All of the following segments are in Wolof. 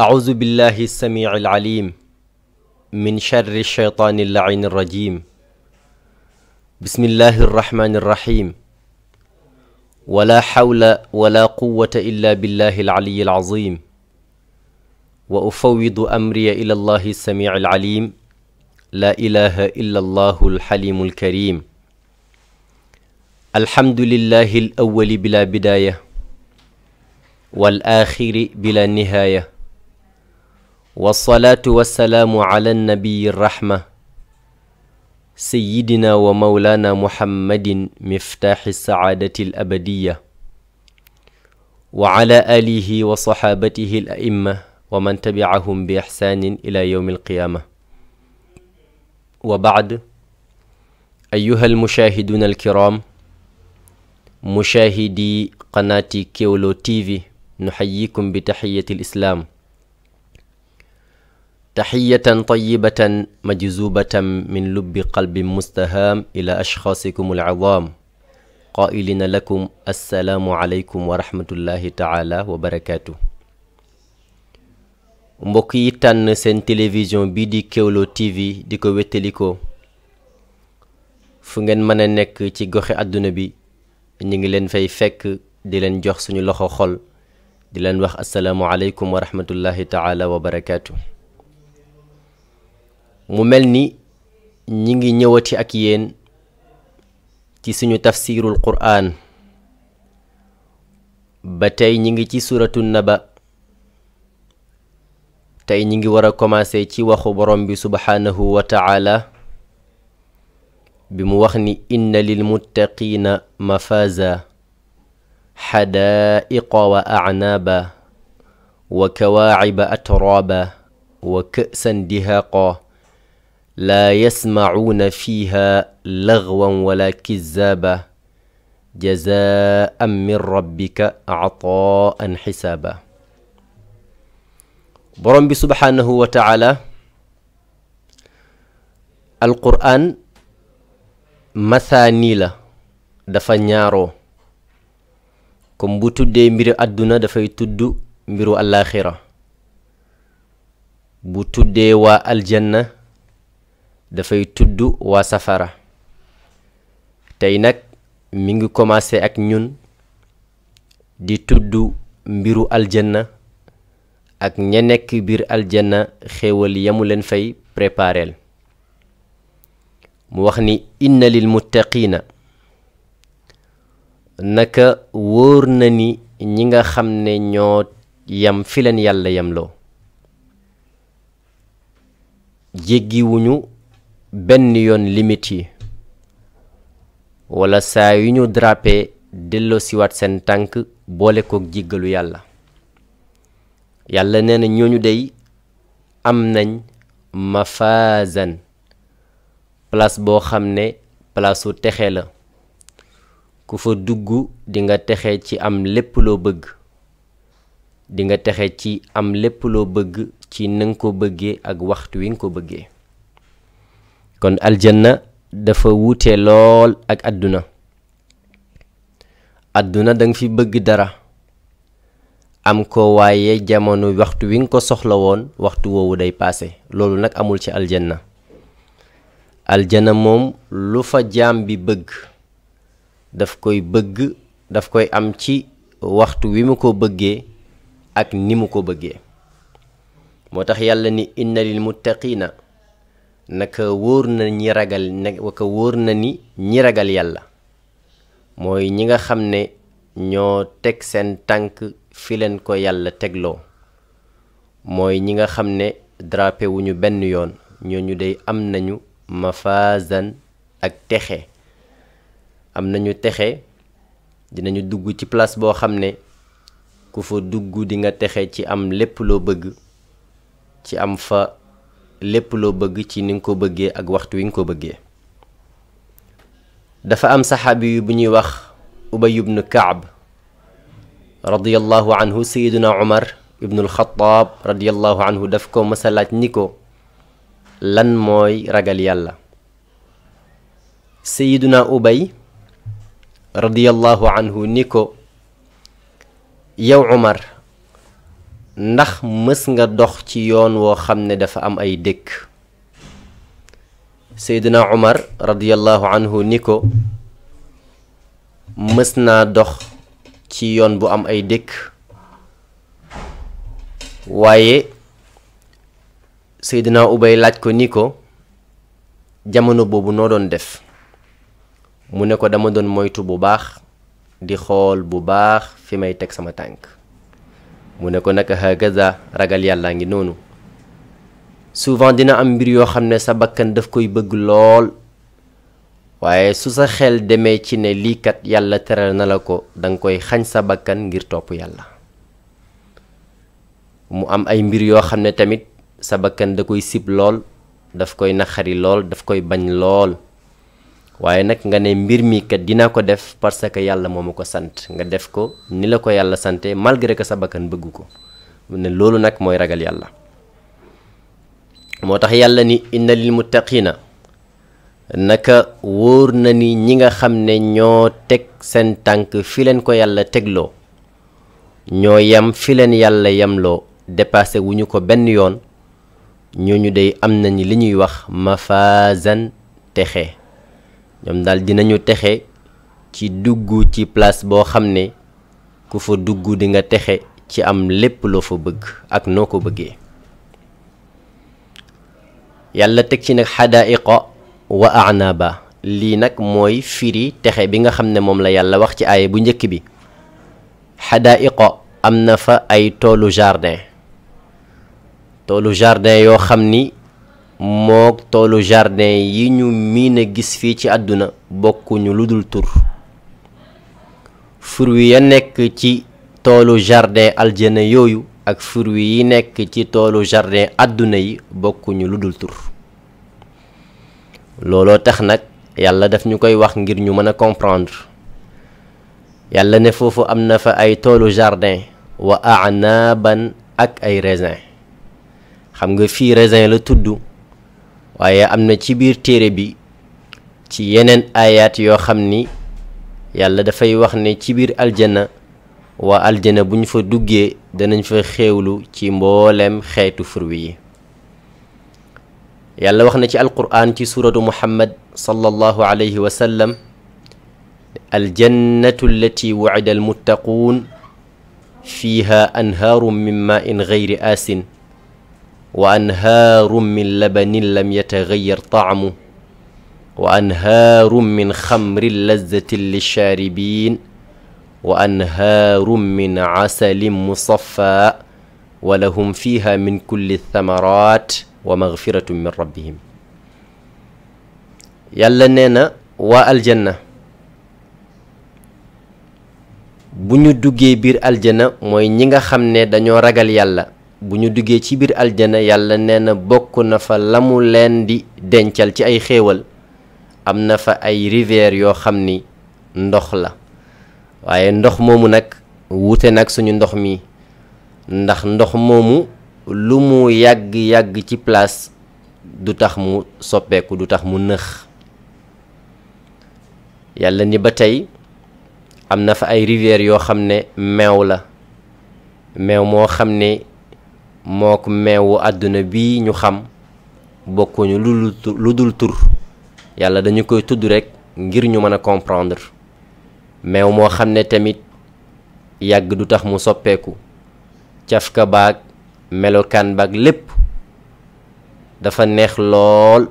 أعوذ بالله السميع العليم من شر الشيطان اللعين الرجيم بسم الله الرحمن الرحيم ولا حول ولا قوة إلا بالله العلي العظيم وأفوض أمري إلى الله السميع العليم لا إله إلا الله الحليم الكريم الحمد لله الأول بلا بداية والآخر بلا نهاية والصلاة والسلام على النبي الرحمة سيدنا ومولانا محمد مفتاح السعادة الأبدية وعلى آله وصحابته الأئمة ومن تبعهم بإحسان إلى يوم القيامة وبعد أيها المشاهدون الكرام مشاهدي قناة كيولو تيفي نحييكم بتحية الإسلام تحية طيبة مجزوبة من لب قلب مستهام إلى أشخاصكم العظام قائلين لكم السلام عليكم ورحمة الله تعالى وبركاته مبكي تن سن تلفزيون بيدي كيولو تي في ديكو ويتليكو فنجن من نك تي غوخي ادونا بي نيغي لين فك دي لين جوخ سونو لوخو خول دي لين واخ السلام عليكم ورحمه الله تعالى وبركاته mu melni ni ngi ñëwati ak yéen ci suñu tafsirul qur'an ba tey ñi ngi ci suratul naba tey ñi ngi war a commencé ci waxu borom bi subhanahu wa taala bi mu wax ni inna lilmuttaqiina mafaza حدائق wa وكواعب wa وكأسا دهاقا لا يسمعون فيها لغوا ولا كذابا جزاء من ربك عطاء حسابا برم سبحانه وتعالى القرآن مثانيلا دفنيارو كم بوتو دي ميرو أدنا دفا يتدو ميرو الآخرة بوتو دي وا الجنة fay tuddu wa safara tay nak mi ngi commencé ak ñun di tuddu mbiru aljanna ak ña nekk biir aljanna xéewal yamu leen fay prépareel mu wax ni inna lil muttaqina. naka wóor na ni ñi nga xam ne ñoo yam fi leen yàlla wuñu benn yoon limit yi wala saa yu ñu drapé delloosiwaat seen tànk boole kook jigalu yàlla yàlla nee na ñoo ñu dey am nañ mafazan place boo xam ne palaasu texe la ku fa dugg di texe ci am lépp loo bëgg di texe ci am lépp loo bëgg ci nanga ko bëggee ak waxtu wi nga ko bëggee kon aljanna dafa wuute lool ak àdduna àdduna danga fi bëgg dara am ko waaye jamono waxtu wi nga ko soxla woon waxtu woowu day paase loolu nag amul ci aljanna aljana moom lu fa jaam bi bëgg daf koy daf koy am ci waxtu wi mu ko bëggee ak ni mu ko bëggee moo tax yàlla ni inna lil muttaqina naka wóor na ñi ragal naka wóor na ni ñi ragal yàlla mooy ñi nga xam ne ñoo teg seen tànk fi leen ko yàlla tegloo mooy ñi nga xam ne drapé wu ñu benn yoon ñooñu day am nañu mafazan ak texe am nañu texe dinañu dugg ci place boo xam ne ku fa dugg dinga texe ci am lépp loo bëgg ci am fa lépp loo bëgg ci ni nga ko bëggee ak waxtu wi nga ko bëggee dafa am saxaabi yu bu ñuy wax ubay ibn kaab radiallahu anhu sayiduna umar al-khattab radiallahu anhu daf ko mësa laaj ni ko lan mooy ragal yàlla sayiduna ubay radiallahu anhu ni ko yow umar ndax mës nga dox ci yoon woo xam ne dafa am ay dëkk seydina umar radiallahu anhu ni ko mës naa dox ci yoon bu am ay dëkk waaye seydina ubay laaj ko ni ko jamono boobu noo doon def mu ne ko dama doon moytu bu baax di xool bu baax fi may teg sama tànk mu ne ko naka hagaza ragal yàllaa ngi noonu souvent dina am mbir yoo xam ne sa bakkan daf koy bëgg lool waaye su sa xel demee ci ne liikat yàlla teral na la ko danga koy xañ sa bakkan ngir topp yàlla mu am ay mbir yoo xam ne tamit sa bakkan da koy sib lool daf koy naqari lool daf koy bañ lool waaye nag nga ne mbir mi kat dina ko def parce que yàlla moo ma ko sant nga def ko ni la ko yàlla sante malgré que sa bakkan bëgg ko ne loolu nag mooy ragal yàlla moo tax yàlla ni li mu lil na naka wóor na ni ñi nga xam ne ñoo teg seen tànk fi leen ko yàlla tegloo ñoo yam fi leen yàlla yamloo dépassé wu ñu ko benn yoon ñooñu day am na ni li ñuy wax mafazan texe ñoom daal dinañu texe ci dugg ci place boo xam ne ku fa dugg dinga texe ci am lépp loo fa bëgg ak noo ko bëggee yàlla teg ci nag xadaaiqa wa anaba lii nag mooy firi texe bi nga xam ne moom la yàlla wax ci aaye bu njëkk bi xadaaiqa am na fa ay toolu jardin toolu jardin yoo xam ni mook toolu jardin yi ñu miin a gis fii ci àdduna bokkuñu lu dul tur fruit ya nekk ci toolu jardin aljana yooyu ak fruit yi nekk ci toolu jardin àdduna yi bokkuñu lu dul tur looloo tax nag yàlla daf ñu koy wax ngir ñu mën a comprendre yàlla ne foofu am na fa ay toolu jardin wa anaban ak ay raisin xam nga fii raisin la tudd waaye am na ci biir téere bi ci yeneen ayaat yoo xam ni yàlla dafay wax ne ci biir aljana waa aljana bu ñu fa duggee danañ fa xewlu ci mboolem xeetu furwi yàlla wax na ci alquraan ci suuratu muhammad sallallahu alayhi wa sallam aljannatu allati wacida almuttaquun fiiha anhaaru min maa in aasin وانهار من لبن لم يتغير طعمه وانهار من خمر لذه للشاربين وانهار من عسل مصفى ولهم فيها من كل الثمرات ومغفره من ربهم يلا نينا والجنة بنيو دوغي بير الجنة duggee biir aljana دانيو ñi nga bu ñu duggee ci biir aljana yàlla nee na bokk na fa lamu leen di dencal ci ay xéewal am na fa ay rivière yoo xam ni ndox la waaye ndox moomu nag wuute nag suñu ndox mi ndax ndox moomu lu mu yàgg-yàgg ci place du tax mu soppeeku du tax mu nëx yàlla ni ba tey am na fa ay rivière yoo xam ne meew la meew moo xam ne moo ko meewu àdduna bi ñu xam bokkuñu lu lu dul tur yàlla dañu koy tudd rekk ngir ñu mën a comprendre meew moo xam ne tamit yàgg du tax mu soppeeku cafka baag melokaan baag lépp dafa neex lool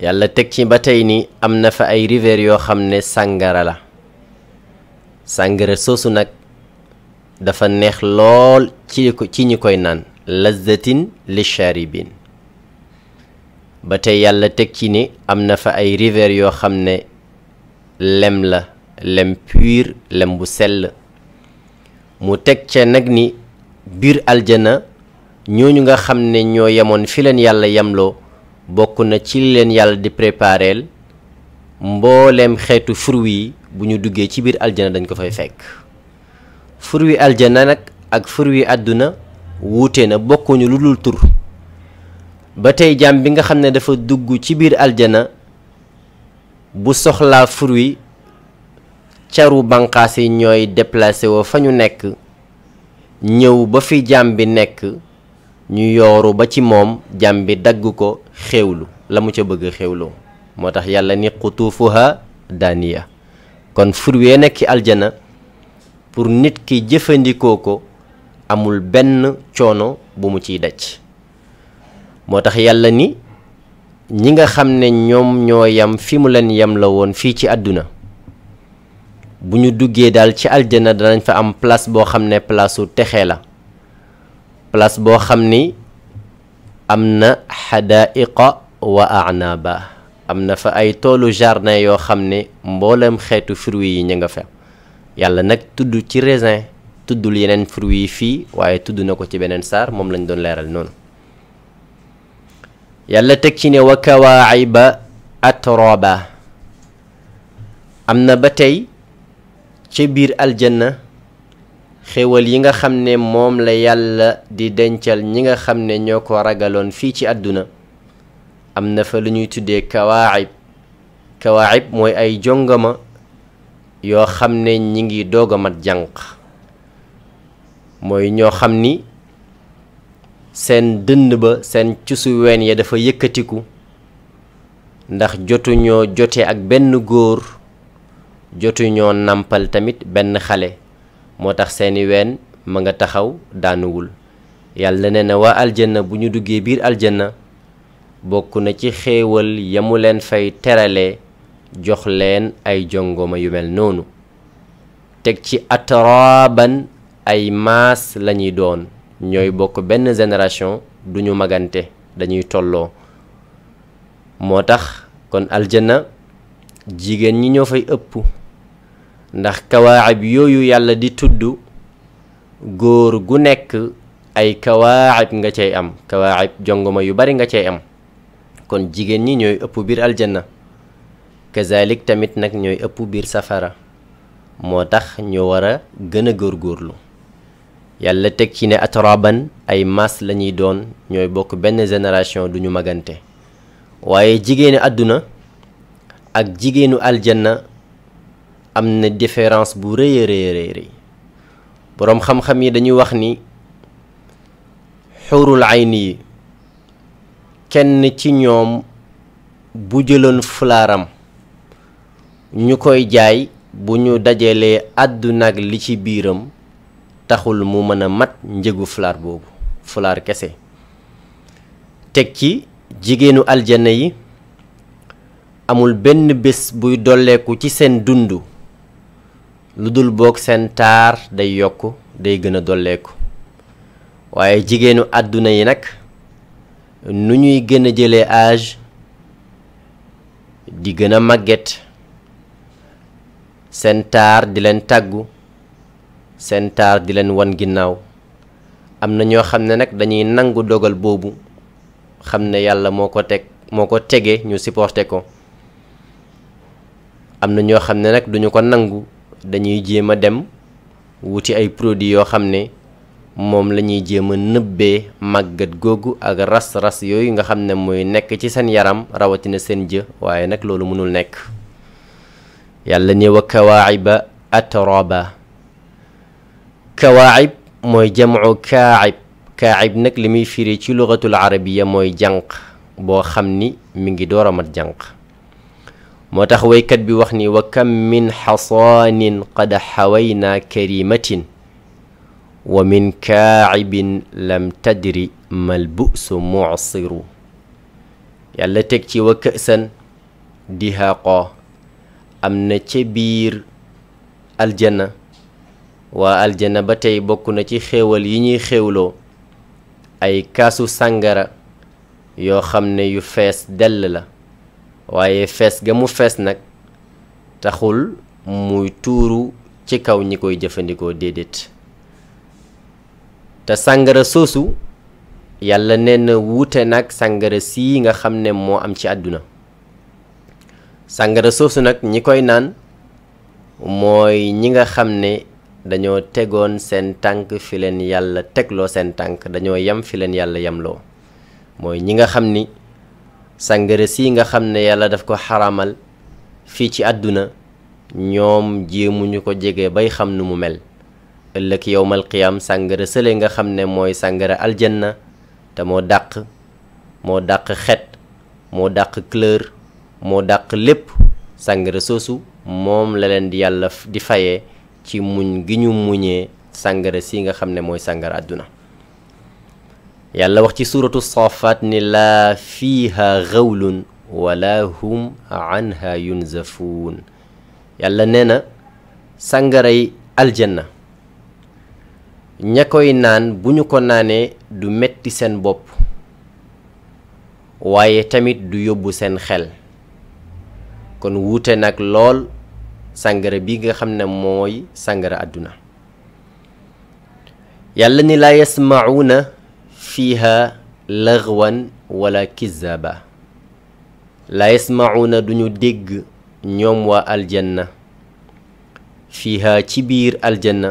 yàlla teg ci ba tey ni am na fa ay rivière yoo xam ne sàngara la sàngara soosu nag dafa neex lool ci ci ñi koy naan lazzatin lisharibin ba tey yàlla teg ci ni am na fa ay rivières yoo xam ne lem la lem pur lem bu sell mu teg ca nag ni biir aljana ñooñu nga xam ne ñoo yemoon fi leen yàlla yemloo bokk na ci leen yàlla di prépareel mboolem xeetu fruit yi bu ñu duggee ci biir aljana dañ ko fay fekk furwi aljana nak ak furwi aduna wute na bokkuñu lu lulul tur ba tey jaam bi nga xam dafa dugg ci aljana bu soxla furwi ciaru bankasi ñoy déplacer wo fañu woo fa nekk ñëw ba fi jam bi nekk ñu yooru ba ci mom jam bi dagg ko xewlu lamu ca bëgg xéewloo motax yalla ni daniya kon furwi nek ya nekk aljana pour nit ki jëfandikoo ko amul benn coono bu mu ciy daj moo tax yàlla ni ñi nga xam ne ñoom ñoo yam fi mu leen yam la woon fii ci àdduna bu ñu duggee daal ci aljana danañ fa am place boo xam ne placeu texe la place boo xam ni am na xadaiqa wa anaba am na fa ay toolu jardin yoo xam ne mboolem xeetu fruit yi ñu nga fa yàlla nag tudd ci raisin tuddul yeneen fruits fii waaye tudd na ko ci beneen saar moom lañ doon leeral noonu yàlla teg ci ne wa kawaayiba atroba am na ba tey ca biir aljanna xéwal yi nga xam ne moom la yàlla di dencal ñi nga xam ne ñoo ko ragaloon fii ci àdduna am na fa lu ñuy tuddee kawaayib kawaayib mooy ay jongama yoo xam ne ñi ngi doog jànq mooy ñoo xam ni seen dënd ba seen cusu ween ya dafa yëkkatiku ndax jotuñoo jote ak benn góor jotuñoo nàmpal tamit benn xale moo tax seeni ween ma nga taxaw daanuwul yàlla nee na waa aljanna bu ñu duggee biir aljanna bokk na ci xéewal ya mu leen fay terale jox leen ay jongoma yu mel noonu teg ci atraban ay maas lañuy doon ñooy bokk benn génération duñu magante dañuy tolloo moo tax kon aljanna jigéen ñi ñoo fay ëpp ndax kawaacib yooyu yàlla di tudd góor gu nekk ay kawaacib nga cay am kawaacib jongoma yu bari nga cay am kon jigéen ñi ñooy ëpp biir aljanna kazalik tamit nag ñooy ëpp biir safara moo tax ñu war a gën a góorgóorlu yàlla teg ci ne atraban ay maas lañuy doon ñooy bokk benn génération duñu magante waaye jigéenu àdduna ak jigéenu aljanna am na différence bu rëy a rëy boroom xam-xam yi dañuy wax ni xurul ayni kenn ci ñoom bu jëloon fulaaram ñu koy jaay bu ñu dajalee àdduna li ci biiram taxul mu mën a mat njëgu fulaar boobu fulaar kese teg ci jigéenu aljana yi amul benn bés buy dolleeku ci seen dund lu dul boog seen taar day yokk day gëna dolleeku waaye jigéenu àdduna yi nag nu ñuy gëna a jëlee âge di gëna màgget seen taar di leen tàggu seen taar di leen wan ginnaaw am na ñoo xam ne nag dañuy nangu dogal boobu xam ne yàlla moo ko teg moo ko tege ñu supporté ko am na ñoo xam ne nag duñu ko nangu dañuy jéem a dem wuti ay produits yoo xam ne moom la ñuy jéem a nëbbee màggat googu ak ras ras yooyu nga xam ne mooy nekk ci seen yaram rawatina seen jë waaye nag loolu mënul nekk يالني وكواعب أترابا كواعب موي جمع كاعب كاعب نك لمي فيري لغة العربية موي جانق بو خمني مينغي دورا مات جنق موتاخ وي كات بي وخني وكم من حصان قد حوينا كريمة ومن كاعب لم تدري ما البؤس معصر يالا تكتي وكأسا دهاقا am na ca biir aljanna waa aljanna ba tey bokk na ci xéewal yi ñuy xéewloo ay kaasu sàngara yoo xam ne yu fees dell la waaye fees ga mu fees nag taxul muy tuuru ci kaw ñi koy jëfandikoo déedéet te sàngara soosu yàlla nee na wuute nag sàngara sii nga xam ne moo am ci àdduna sàngara suuf nag ñi koy naan mooy ñi nga xam ne dañoo tegoon seen tànk fi leen yàlla tegloo seen tànk dañoo yem fi leen yàlla yemloo mooy ñi nga xam ni sàngara sii nga xam ne yàlla daf ko xaramal fii ci àdduna ñoom jéemuñu ko jege bay xam ni mu mel ëllëg yowmal qiyaam sàngara sële nga xam ne mooy sàngara aljanna te moo dàq moo dàq xet moo dàq couleur moo dàq lépp sàngara soosu moom la leen di yàlla di fayee ci muñ gi ñu muñee sàngara si nga xam ne mooy sàngara àdduna yàlla wax ci suuratu saafaat ni laa fiiha xawlun wala hum anha yunzafuun yàlla nee na sàngaray aljanna ña koy naan bu ñu ko naanee du metti seen bopp waaye tamit du yóbbu seen xel kon wuute nag lool sàngara bi nga xam ne mooy sàngara àdduna yàlla ni laa yasmacuuna fiiha laxwan wala kizaba laa yasmacuuna duñu dégg ñoom waa aljanna fiiha ci biir aljanna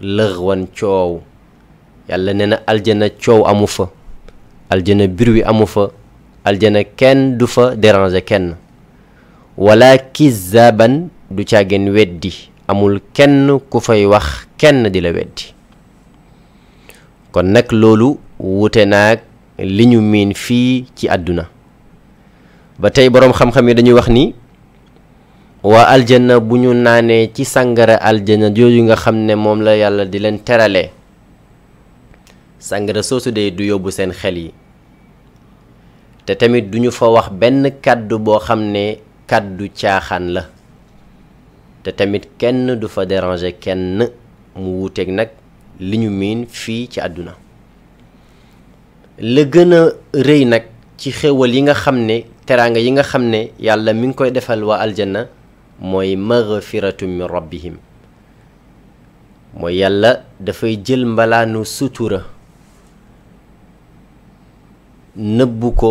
lëxwan coow yàlla ne na aljana coow amu fa aljana bir wi amu fa aljana kenn du fa déranger kenn wala kizaban du càggeen weddi amul kenn ku fay wax kenn di la weddi kon nag loolu wute naag li ñu miin fii ci àdduna ba tey boroom xam-xam yi dañuy wax ni waa aljanna bu ñu naanee ci sàngara aljanna jooju nga xam ne moom la yàlla di leen terale sàngara soosu dee du yóbbu seen xel yi te tamit duñu fa wax benn kàddu boo xam ne kàddu tiaxan la te tamit kenn du fa déranger kenn mu wuuteeg nag li ñu miin fii ci àdduna le gën a rëy nag ci xéwal yi nga xam ne teraanga yi nga xam ne yàlla mi ngi koy defal waa aljanna mooy maghfiratu min rabbihim mooy yàlla dafay jël mbalaanu sutura nëbbu ko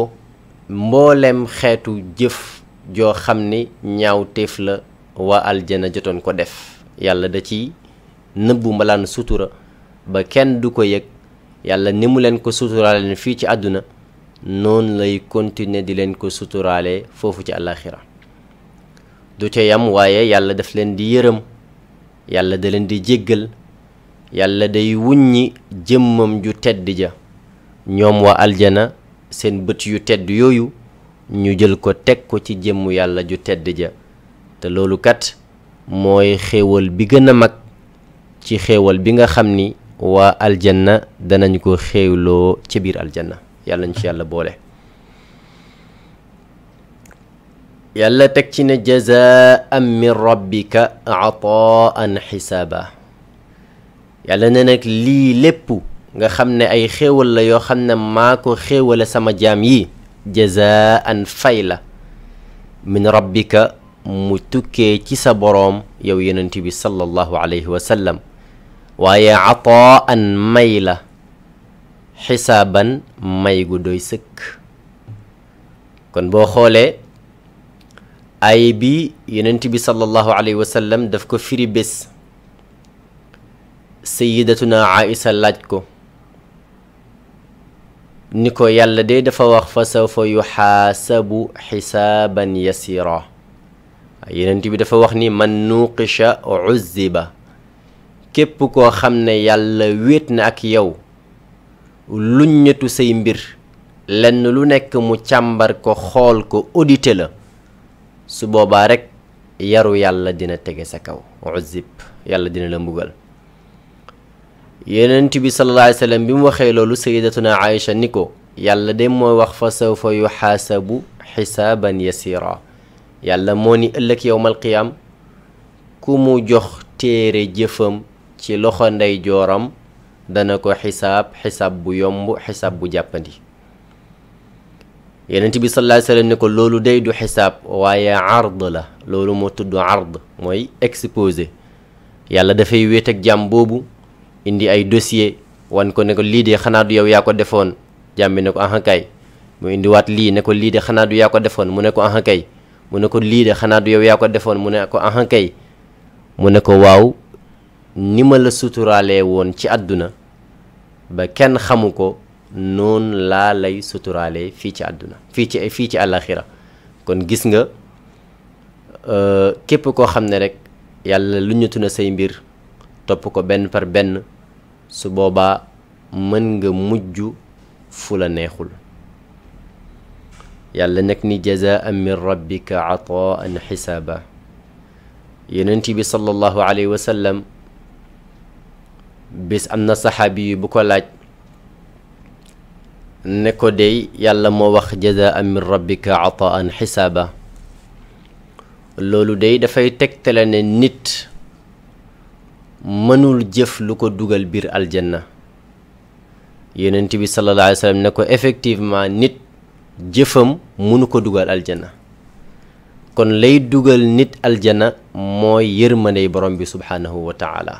mboolem xeetu jëf joo xam ni ñaaw téef la wa aljana jotoon ko def yàlla da ci nëbbu mbalaan sutura ba kenn du ko yëg yàlla ni mu leen ko suturaale fii ci àdduna noonu lay continuer di leen ko suturaale foofu ci àllaaxira du ca yam waaye yàlla daf leen di yërëm yàlla da leen di jéggal yàlla day wuññi jëmmam ju tedd ja ñoom wa aljana seen bët yu tedd yooyu ñu jël ko teg ko ci jëmm yàlla ju tedd ja te loolu kat mooy xéewal bi gën a mag ci xéewal bi nga xam ni waa aljanna danañ ko xéewloo ci biir aljanna yàlla ñu ci yàlla boole yàlla teg ci ne jazaan min rabbika ataan xisaaba yàlla ne nag lii lépp nga xam ne ay xéewal la yoo xam ne maa ko xéewale sama jaam yi jazaan fay la min rabbika mu tukkee ci sa boroom yow yonent bi sallallahu alayhi wa sallam waaye ataan may la xisaaban may gu doy sëkk kon boo xoolee ay bi yonent bi sallallahu alayhi wa sallam daf ko firi bés sayidatuna aïsa laaj ko نيكو يالا دي دفا واخ فسوف يحاسب حسابا يسيرا يننتي بي دفا واخ ني من نوقش عذب كيب كو خامنا يالا ويتنا اك يو لن سي مبير لن لو نيك مو تيامبر كو خول كو اوديتي سبو بارك يارو يالا دينا تيغي سا يالا دينا لا yonent bi sallallahu alayhi wa sallam bi mu waxee loolu sayidatuna Aïcha ni ko yàlla de mooy wax fa sawfa yuxaasabu xisaaban yasira yàlla moo ni ëllëg yowmal qiyaam ku mu jox téere jëfam ci loxo ndey jooram dana ko xisaab xisaab bu yomb xisaab bu jàppandi yonent bi sallallahu alayhi wa sallam ni ko loolu day du xisaab waaye ard la loolu moo tudd ard mooy exposé yàlla dafay wéet ak jàmm boobu indi ay dossier wan ko ne ko lii de xanaa du yow yaa ko defoon jàmbi ne ko ahankay mu indiwaat lii ne ko lii de xanaa du yaa defoon mu ne ko ahankay mu ne ko lii de xanaa du yow yaa ko defoon mu ne ko ahankay mu ne ko waaw ni ma la suturaalee woon ci àdduna ba kenn xamu ko noon laa lay suturaalee fii ci àdduna fii ci fii ci àllaaxira kon gis nga euh, képp koo xam ne rek yàlla lu ñu tuna say mbir topp ko benn par benn su boba mën nga mujj fu la neexul yàlla nag ni jazaan min rabbika ataan hisaba yenenti bi sallallahu alayhi wa sallam bis amna sahabi bu ko laaj ne ko dey yàlla mo wax jazaan min rabbika ataan hisaba lolou day da fay ne nit mënul jëf lu ko dugal biir aljanna yonent bi sallallahu alayhi ne ko effectivement nit jëfam mënu ko dugal aljana kon lay dugal nit aljanna mooy yërmandey borom bi subhaanahu wa taala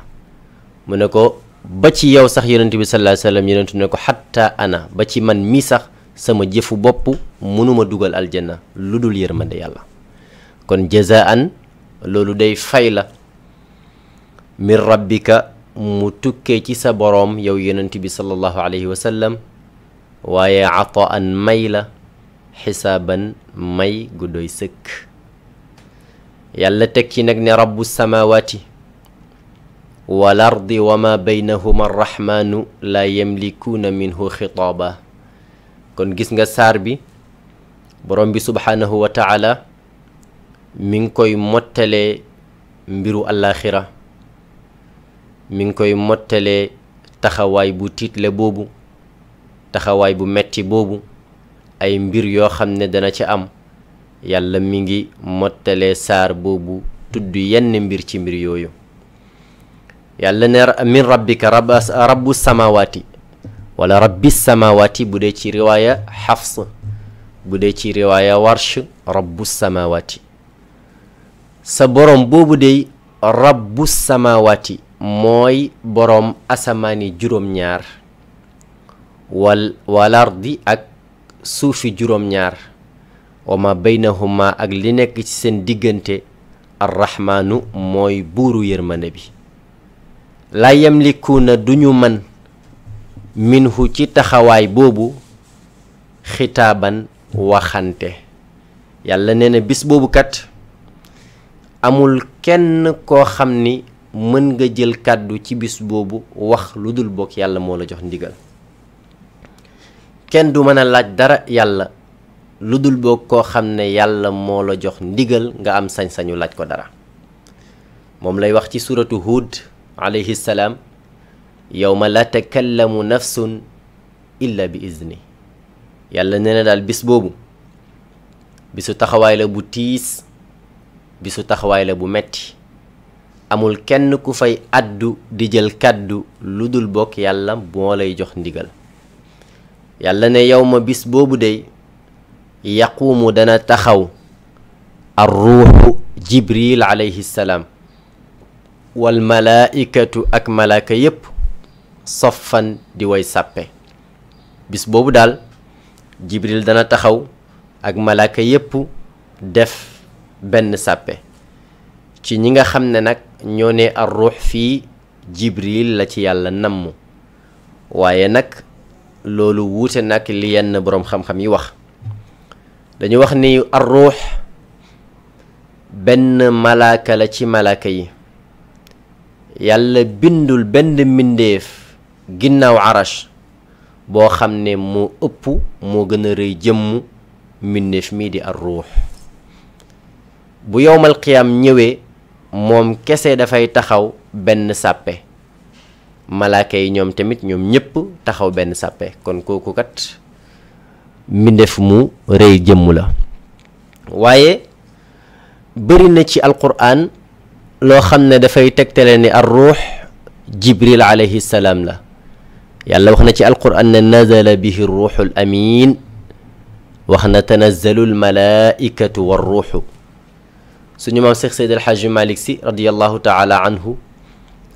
mu ne ko ba ci yow sax yonent bi sallallahu alayhi wa ne ko xatta ana ba ci man mii sax sama jëfu bopp mënuma dugal aljanna lu dul yërmande yàlla kon jazaan loolu day fay la من ربك متكي تي سبروم يو ينتبي صلى الله عليه وسلم ويا عطاء ميلا حسابا مي قدوي سك يلا تكي نجني رب السماوات والأرض وما بينهما الرحمن لا يملكون منه خطابا كون جس نجا ساربي بروم بي سبحانه وتعالى من كوي متلي مبرو الاخره mi ngi koy mottalee taxawaay bu tiitle boobu taxawaay bu metti boobu ay mbir yoo xam ne dana ci am yàlla mi ngi mottalee saar boobu tudd yenn mbir ci mbir yooyu yàlla ne min rabbika rabbu samawaati wala rabbi samawaati bu dee ci riwaaya xafs bu dee ci riwaaya warsh rabbu samawaati sa borom boobu dey rabbu samawaati mooy boroom asamaani juróom-ñaar wal walardi ak suufi juróom-ñaar wa ma baynahuma ak li nekk ci seen diggante arrahmaanu mooy buuru yërmande bi la laa na duñu man minhu ci taxawaay boobu xitaaban waxante yàlla nee na bis boobu kat amul kenn koo xam ni mën nga jël kàddu ci bis boobu wax lu dul bokk yàlla moo la jox ndigal kenn du mën a laaj dara yàlla lu dul bokk koo xam ne yàlla moo la jox ndigal nga am sañ-sañu laaj ko dara moom lay wax ci suratu Hud alayhi salaam yawma la takallamu nafsun illa bi izni yàlla nee na daal bis boobu bisu taxawaay la bu tiis bisu taxawaay la bu metti amul kenn ku fay addu di jël kàddu lu dul bokk yàlla moo lay jox ndigal yàlla ne yow ma bis boobu dey yaquumu dana taxaw ar ruuxu jibril alayhi salaam wal malaaikatu ak malaaka yépp soffan di way sàppe bis boobu daal jibril dana taxaw ak malaaka yépp def benn sàppe ci ñi nga xam ne nag ñoo ne ar ruux fii jibril la ci yàlla namm waaye nag loolu wuute nag li yenn boroom xam-xam yi wax dañu wax ni ar ruux benn malaaka la ci malaaka yi yàlla bindul benn mbindeef ginnaaw arash boo xam ne moo ëpp moo gën a rëy jëmm mbindeef mii di ar ruux bu yowmal qiyaam ñëwee moom kese dafay taxaw benn sàppe malaaka yi ñoom tamit ñoom ñëpp taxaw benn sàppe kon kooku kat mbindeef mu rëy jëmm la waaye bëri na ci alquran loo xam ne dafay tegtale ni ar ruux jibril la yàlla wax na ci alquran ne nazala bihi ruuxul amin wax na tanazzalu almalaikatu war ruuxu suñu maam Seex Seydil Xaaji Malik si radiallahu taala anhu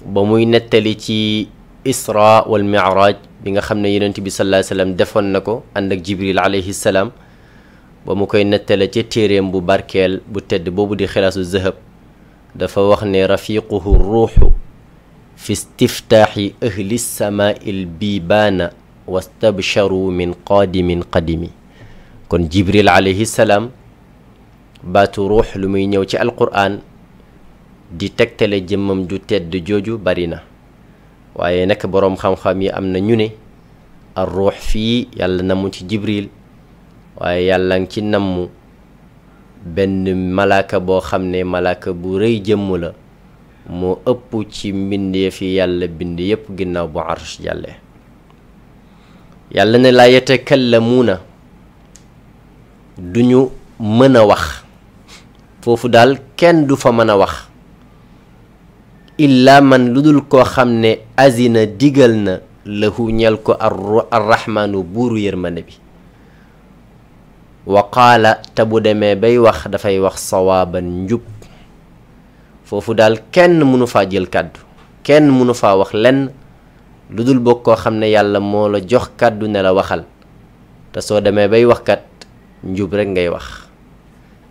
ba muy nettali ci isra wal miraaj bi nga xam ne yonent bi sallallahu alayhi wasallam defoon na ko ànd ak jibril alayhi salaam ba mu koy nettale ca téeréem bu barkeel bu tedd boobu di xilaasu zahab dafa wax ne rafiquhu ruuxu fi istiftaaxi ahli samaai l bibaana wastabcharu min qaadimin qadimi kon jibril alayhi salaam baatu ruux lu muy ñëw ci alquraan di tegtale jëmmam ju tedd jooju bari na waaye nag boroom xam-xam yi am na ñu ne ar ruux fii yàlla namu ci jibril waaye yàlla ngi ci namm benn malaaka boo xam ne malaaka bu rëy jëmm la moo ëpp ci mbindeef yi yàlla bind yépp ginnaaw bu arsh jàlle yàlla ne laa yatakallamuuna duñu mën a wax foofu daal kenn du fa mën a wax illaa man lu dul koo xam ne azina digal na lahu ñel ko arrahmaanu buuru yërmande bi wa te bu demee bay wax dafay wax sawaaban njub foofu daal kenn mënu faa jël kàddu kenn mënu faa wax lenn lu dul bokk koo xam ne yàlla moo la jox kàddu ne la waxal te soo demee bay wax kat njub rekk ngay wax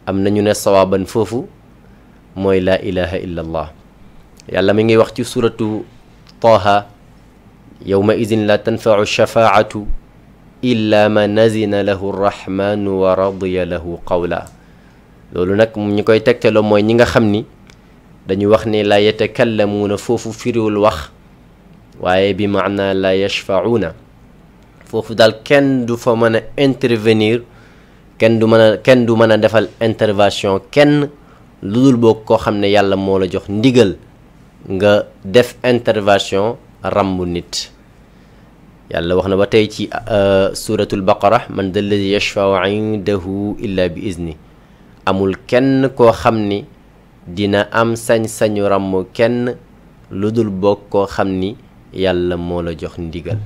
amna ñu ne sawaban fofu moy la ilaha illa allah yàlla mi ngi wax ci suratu taha yawma idhin la tanfa'u shafaatu illa man nazina lahu arrahman wa radiya lahu qawla loolu nag ñi koy tegteloo moy ñi nga xamni dañu wax ni la yatakallamuna fofu firul wax waye bi ma'na la yashfa'una fofu dal ken du fa meuna intervenir kenn du mën a kenn du mën a defal intervention kenn lu dul boo koo xam ne yàlla moo la jox ndigal nga def intervention ràmb nit yàlla wax na ba tey ci euh, suratul baqara man da alladi yashfau indahu illa bi izni amul kenn koo xam ni dina am sañ-sañu ràmm kenn lu dul boo koo xam ni yàlla moo jox ndigal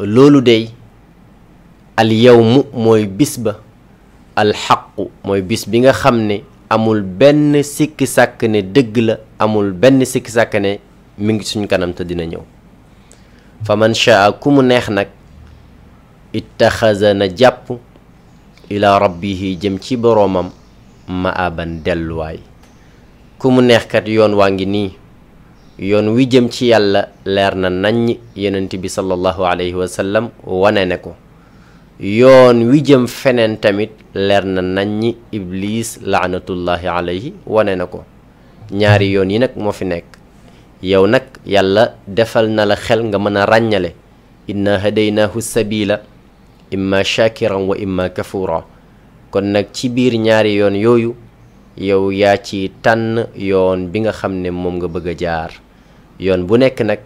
loolu dey al mooy bis ba alxaqu mooy bis bi nga xam ne amul benn sikki sàkk ne dëgg la amul benn sikki sàkk ne mi ngi suñ kanam te dina ñëw fa man ku mu neex nag ittaxaza na jàpp ila rabbihi jëm ci boroomam ma aban delluwaay ku mu neexkat yoon waa ngi nii yoon wi jëm ci yàlla leer na naññ yonent bi sallallahu alayhi wa sallam wane ne ko yoon wi jëm feneen tamit leer na nañ naññi iblis laanatullahi alayhi wane na ko ñaari yoon yi nag moo fi nekk yow nag yàlla defal na la xel nga mën a ràññale inna hadaynaahu sabila imma shakiran wa imma kafura kon nag ci biir ñaari yoon yooyu yow yaa ci tànn yoon bi nga xam ne moom nga bëgg a jaar yoon bu nekk nag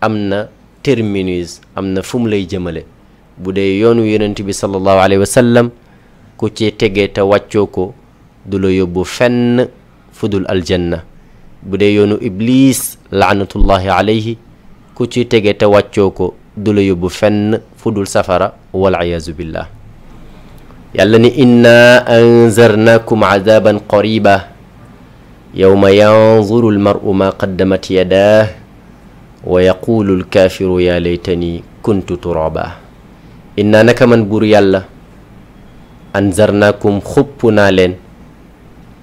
am na terminus am na fu mu lay jëmale bu dee yoonu yonent bi sallallahu alayhi wa ku ci tegee te wàccoo ko du la yóbbu fenn fudul aljanna bu dee yoonu iblis laanatullahi alayhi ku ci tegee te wàccoo ko du la yóbbu fenn fudul safara wal iyaazu billah yàlla ni inna anzarnakum azaban qariba yowma yanzuru almaru ma qaddamat yadah wa yaqulu ya laytani kuntu turaba inna naka man buur yàlla anzarnaakum xupp naa leen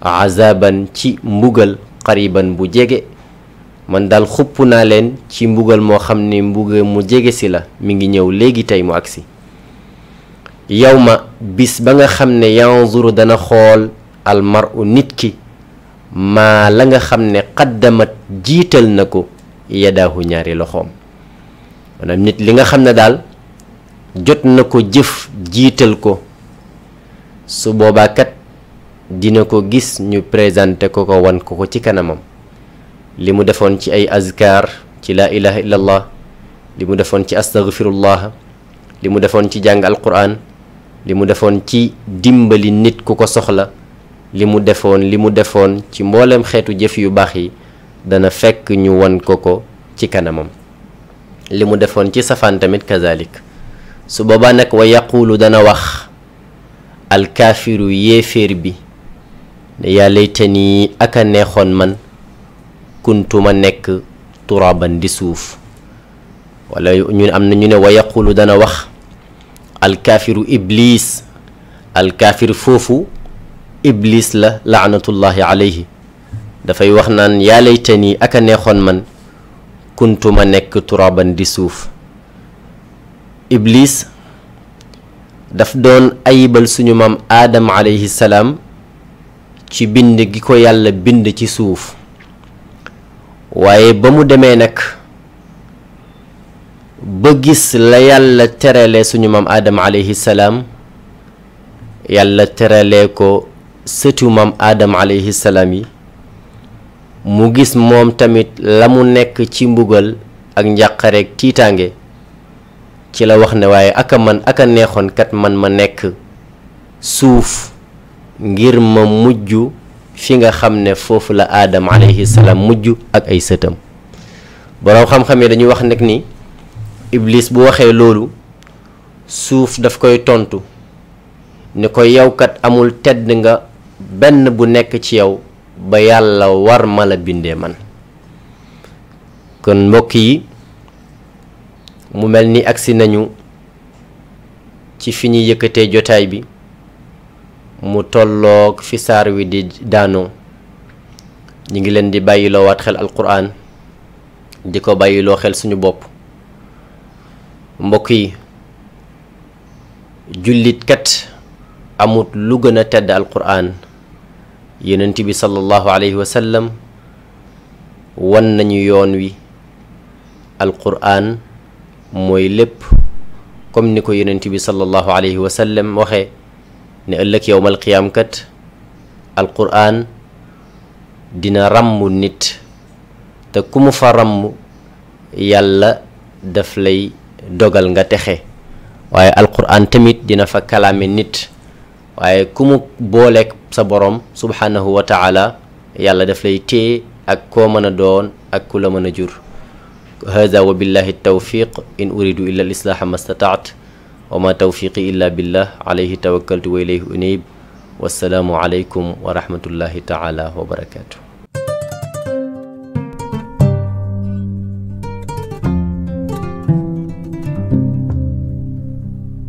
azaban ci mbugal xariban bu jege man daal xupp naa leen ci mbugal moo xam ne mbugal mu jege si la mu ngi ñëw léegi tey mu agsi yawma bis ba nga xam ne yanzuru dana xool almaru nit ki maa la nga xam ne xaddamat jiital na ko yadaahu ñaari loxoom maanaam nit li nga xam ne daal jot na ko jëf jiital ko su boobaakat dina ko gis ñu présenté ko ko wan ko ko ci kanamam li mu defoon ci ay azkar ci laa ilaha illallah li mu defoon ci astaghfirullah li mu defoon ci jàng alquran li mu defoon ci dimbali nit ku ko soxla li mu defoon li mu defoon ci mboolem xeetu jëf yu baax yi dana fekk ñu wan ko ko ci kanamam li mu defoon ci safaan tamit kazalik su boobaa nag wa yaquulu dana wax alkaafiru yéeféer bi ne yaa laytani ak a neexoon man kuntuma nek turaban di suuf wala ñu am na ñu ne wa yaquulu dana wax alkaafiru iblis alkaafir foofu iblis la laanatullahi alayhi dafay wax naan yaa laytani ak a neexoon man kuntuma nekk turaban di suuf iblis daf doon ayibal suñu maam aadam alayhi salaam ci bind gi ko yàlla bind ci suuf waaye ba mu demee nag ba gis la yàlla terale suñu maam aadam alayhi salaam yàlla terale ko sëtu maam aadam alayhi yi mu gis moom tamit la mu nekk ci mbugal ak njàqareeg tiitaange ci la wax ne waaye aka man aka neexoon kat man ma nekk suuf ngir ma mujj fi nga xam ne foofu la aadam alayhi salaam mujj ak ay sëtam boroom xam-xam yi dañuy wax nag ni iblis bu waxee loolu suuf daf koy tontu ne ko yow kat amul tedd nga benn bu nekk ci yow ba yàlla war ma la bindee man kon mbokk yi mu mel ni agsi nañu ci fi ñuy yëkkatee jotaay bi mu tollook fi saar wi di daanoo ñu ngi leen di bàyyiloowaat xel alquran di ko bàyyiloo xel suñu bopp mbokk yi jullit kat amut lu gën a tedd alquran yonent bi sallallahu alayhi wa wan nañu yoon wi alquran mooy lépp comme ni ko yonent bi sallallahu alayhi wa waxe waxee ne ëllëg yowmal qiyaam kat alquraan dina ràmbu nit te ku mu fa ràmm yàlla daf lay dogal nga texe waaye alquraan tamit dina fa kalaame nit waaye ku mu booleeg sa borom subhanahu wa taala yàlla daf lay téye ak koo mën a doon ak ku la mën a jur هذا وبالله التوفيق إن أريد إلا الإصلاح ما استطعت وما توفيقي إلا بالله عليه توكلت وإليه أنيب والسلام عليكم ورحمة الله تعالى وبركاته